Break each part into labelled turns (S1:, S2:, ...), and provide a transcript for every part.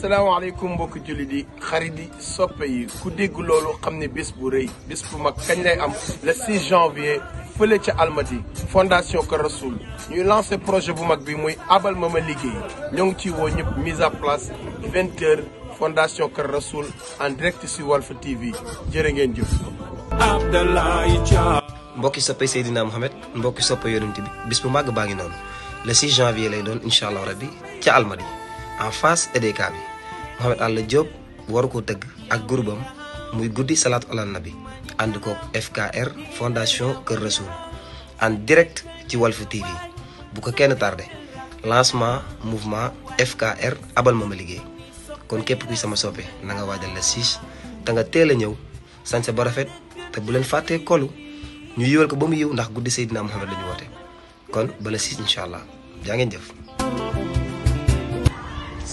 S1: salaamaaleykum mbokki jullit yi xarit yi soppe yi ku dégg loolu xam ne bés bu rëy bis bu mag kañ lay am le 6 janvier fële ca Almadi fondation Kër Rasoul ñuy lancé projet bu mag bi muy abal ma ma liggéey ñoo ngi ciy woo ñëpp mise à place 20 heures fondation Kër Rasoul en direct sur Walf TV
S2: jërë ngeen jëf. Abdoulaye Thiam. mbokki soppe Seydina Mohamed mbokki soppe yonent bi bis bu màgg baa ngi noonu le 6 janvier lay doon incha allah rabbi ca Almadi. en face EDK bi Mohamed Allah Diop waru ko teug ak gurbam muy goudi salat ala nabi andukok ko FKR fondation Kër Rasoul en direct ci Walf TV bu ko kenn tardé lancement mouvement FKR abal mama ma kon kep kuy sama sopé na nga waajal la siis ta nga teel ñew ba rafet te bu len faté kolu ñu yewal ko bamuy yew sedina ndax goudi sayyidina Mohamed lañu woté kon bala siis inshallah allah ngeen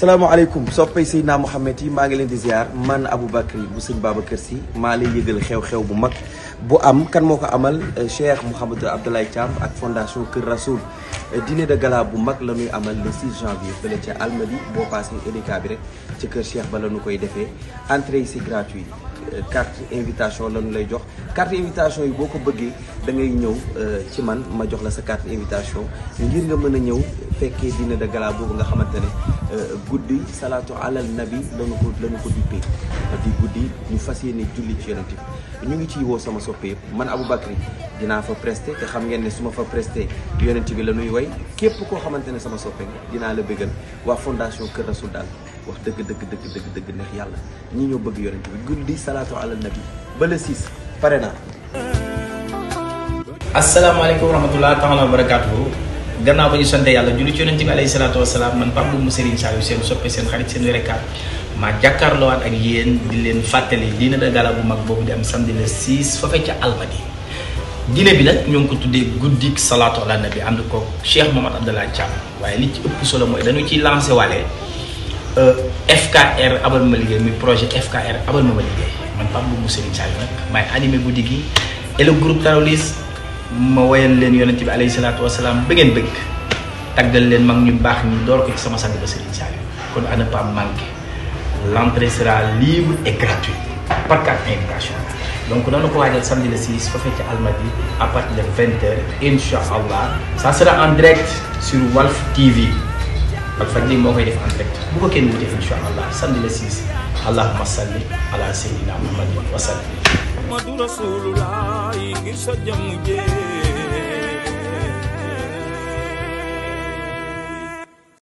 S3: salaamaaleykum soppay Seydina Mouhamed yi maa ngi leen di ziar man Aboubacry bu baaba kër si maa lay yëgal xew-xew bu mag bu am kan moo ko amal euh, Cheikh Mouhamadou Abdoulaye Thiam ak fondation Kër Rasoul euh, dîner de gala bu mag la ñuy amal le 6 janvier fële ca Almadi boo passé EDK bi rek ci kër Cheikh ba la koy defee entrée yi c'est gratuit euh, carte invitation la ñu lay jox carte invitation yi boo ko bëggee da ngay ñëw ci man ma jox la sa carte invitation ngir nga mën a ñëw fekkee dina de gala boobu nga xamante ne euh, guddi salaatu alal nabi lañu ko lañu ko duppee di guddi ñu fas yéene julli ci yonent bi ñu ngi ciy woo sama soppe yëpp man Aboubacry dinaa fa presté te xam ngeen ne su ma fa presté yonent bi la ñuy way képp koo xamante ne sama soppe dinaa la bëggal wax fondation Kër Rasoul daal wax dëgg dëgg dëgg dëgg dëgg yàlla ñi ñoo bëgg yonent bi guddi salaatu alal nabi ba le 6 pare naa. asalaamaaleykum wa rahmatulah
S4: taala wa gannaaw bañu sante yalla julli ci yonent alayhi salatu wassalam man pam bu serigne sëriñ saayu seen soppe seen xarit sen wérekat ma wat ak yeen di len fatali diine da gala bu mag bobu di am samedi le 6 fofé ci almadi diine bi nak ñong ko tuddé goudik salatu ala nabi and ko cheikh mohammed abdallah cham waye li ci upp solo moy dañu lancer walé euh FKR abal ma liggéey mi projet FKR abal ma liggéey man pam bu serigne sëriñ saayu nag maay animé goudik gi et le groupe tarawlis ma wayal len yonentibi bi alayhi salaatu wasalaam ba ngeen bëgg tagal len mag ñu bax ñu door ko ci sama sang ba Serigne Saliou kon ana pa pas l'entrée sera libre et eh, gratuite par carte d'invitation eh, donc dana ko waajal samedi le 6 fofé ci almadi à partir de 20h inshallah ça sera en direct sur wolf TV ak fa Walfadjri mo koy def en direct bu ko kenn wute inshallah samedi le 6 allahumma salli ala sayyidina muhammad wa sallim
S2: Madura rasulullah ngir sa jàmm jee